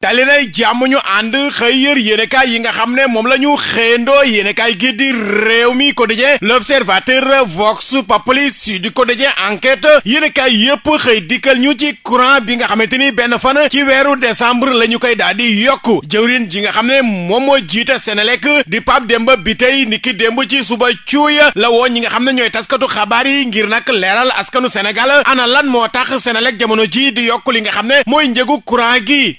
tali nay jàmm ñu ànd xëy yër yéenekaay yi nga xam ne moom la ñu xëyandoo yéenekaay gi di réew mi quotidien l'observateur vox populi ko quotidien enquête yéenekaay yëpp xëy dikkal ñu ci courant bi nga xamante ni benn fan ci weeru décembre la ñu koy daal di yokk jëwrin ji nga xam ne moom moo jiite Senelec di Pape Demba bi tey ni ki démb ci suba cuuya la woo ñi nga xam ne ñooy taskatu xabaar yi ngir nag leeral askanu Sénégal ana lan moo tax Senelec jamono ji di yokk li nga xam ne mooy njëgu courant gi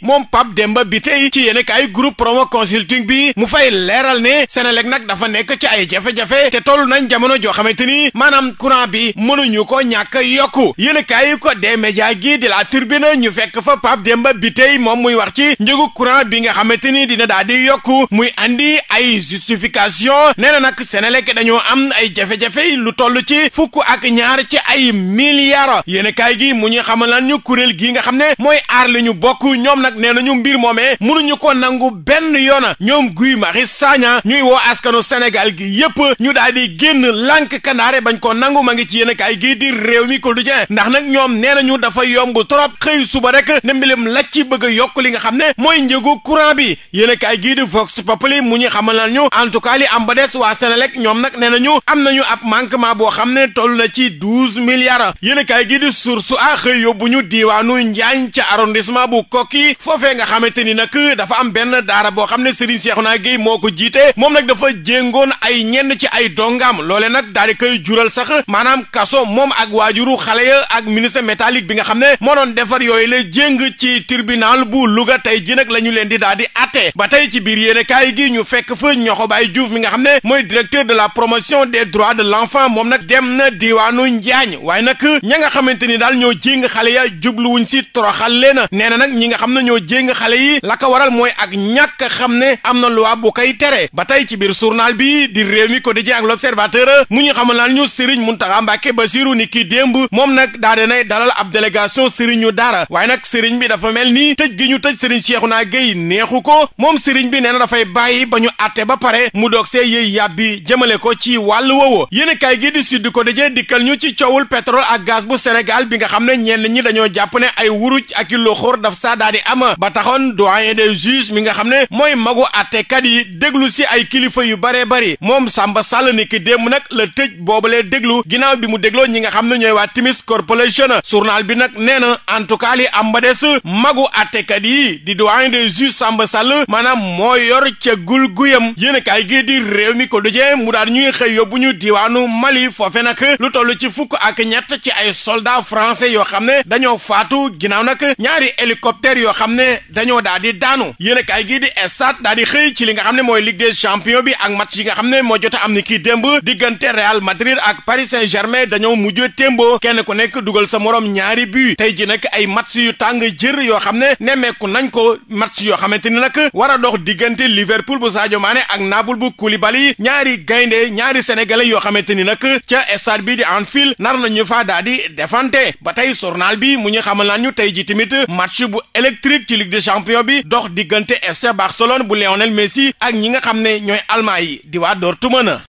Pape Demba bi tey ci yéen kaay groupe promo consulting bi mu fay leeral ne Senelec nag dafa nekk ci ay jafe-jafe te toll nañ jamono joo xamante ni maanaam courant bi mënuñu ko ñàkk yokku yéen kaay ko des médias gi de la turbine ñu fekk fa Pape Demba bi tey moom muy wax ci njëgu courant bi nga xamante ni dina daal di yokku muy andi ay justification nee na nag Senelec dañoo am ay jafe-jafe lu toll ci fukk ak ñaar ci ay milliards yéen kaay gi mu ñu xamal lan ñu kuréel gi nga xam ne mooy aar ñu bokk ñoom nag nee mbir moomee ñu ko nangu benn yoon ñoom Guy Marius Sagna ñuy woo askanu Sénégal gi yëpp ñu daal di génn lànk kandaare bañ ko nangu ma ngi ci yéen kaay gii di réew mi ko du jee ndax nag ñoom nee nañu dafa yomb trop xëy suba rek ne mbilim laaj ci bëgg a yokk li nga xam ne mooy njëgu courant bi yéen kaay gii di Vox Populi mu ñu xamal nañu en tout cas li am ba des waa Sénélec nag nee nañu am nañu ab manquement boo xam ne toll na ci douze milliards yéen kaay gii di source a xëy yóbbu ñu diiwaanu Njaañ ca arrondissement bu Kokki foofee nga xamante ni nag dafa am benn daara boo xam ne Serigne Cheikhouna Gueye moo ko jiite moom nag dafa jéngoon ay ñenn ci ay dongam loole nag daal di koy jural sax maanaam kaso moom ak waajuru xale ya ak ministre métallique bi nga xam ne moo doon defar yooyu la jéng ci tirbinal bu Louga tey ji nag la ñu leen di daal di atte ba tey ci biir yéene kaay gi ñu fekk fa ñoxo baay Diouf mi nga xam ne mooy directeur de la promotion de droits de l'enfant moom nag dem na diwaanu Njaañ waaye nag ña nga xamante ni daal ñoo jéng xale ya jubluwuñ si toroxal leen nee na nag ñi nga xam ne ñoo jéng xale yi la waral mooy ak ñàkk xam ne am na loi bu koy tere ba tey ci biir journal bi di ko mi quotidien ak l'observateur mu ñu xamal naan ñu Serigne Mountakha Mbacké Bassirou ni kii démb moom nag daa nay dalal ab délégation Serigne ñu dara waaye nag Serigne bi dafa mel nii tëj gi ñu tëj Serigne Cheikhouna Gueye neexu ko moom Serigne bi nee na dafay bàyyi ba ñu àtte ba pare mu doog see yëy yàbbi jëmale ko ci wàll woowu yéen kaay gi di Sud di dikkal ñu ci coowul pétrole ak gaz bu Sénégal bi nga xam ne ñenn ñi dañoo jàpp ne ay wuruj ak i daf saa di am ba tax taxoon doyen des juges mi nga xam ne mooy magu àttekat yi déglu si ay kilifa yu baree bari moom Samba Sall ni ki démb nag la tëj boobalee déglu ginnaaw bi mu dégloo ñi nga xam ne ñooy waa Timis Corporation journal bi nag nee na en tout cas li am ba magu àttekat yi di doyen des juges Samba Sall maanaam mooy yor ca gul guyam yéen kaay gi di réew mi ko dujee mu daal ñuy xëy yóbbu ñu diwaanu Mali foofe nag lu toll ci fukk ak ñett ci ay soldats français yoo xam ne dañoo faatu ginnaaw nag ñaari hélicoptère yoo xam ne dañoo daa di daanu yéen a kaay gii di di xëy ci li nga xam ne mooy Ligue des champions bi ak match yi nga xam ne moo jot a am ni kii démb diggante Real Madrid ak Paris Saint-Germain dañoo mujj témboo kenn ku nekk dugal sa morom ñaari but tey ji nag ay match yu tàng jër yoo xam ne nemmeeku nañ ko match yoo xamante ni nag war a dox diggante Liverpool bu Sadio Mané ak Naples bu Koulibaly ñaari gaynde ñaari sénégalais yoo xamante ni nag ca stade bi di Anfield nar nañu faa daa di defante ba tey journal bi mu ñu xamal naa ñu tey ji tamit match bu électrique ci champion bi dox diggante FC Barcelone bu Lionel Messi ak ñi nga xam ne ñooy almaa yi di waa Dortmund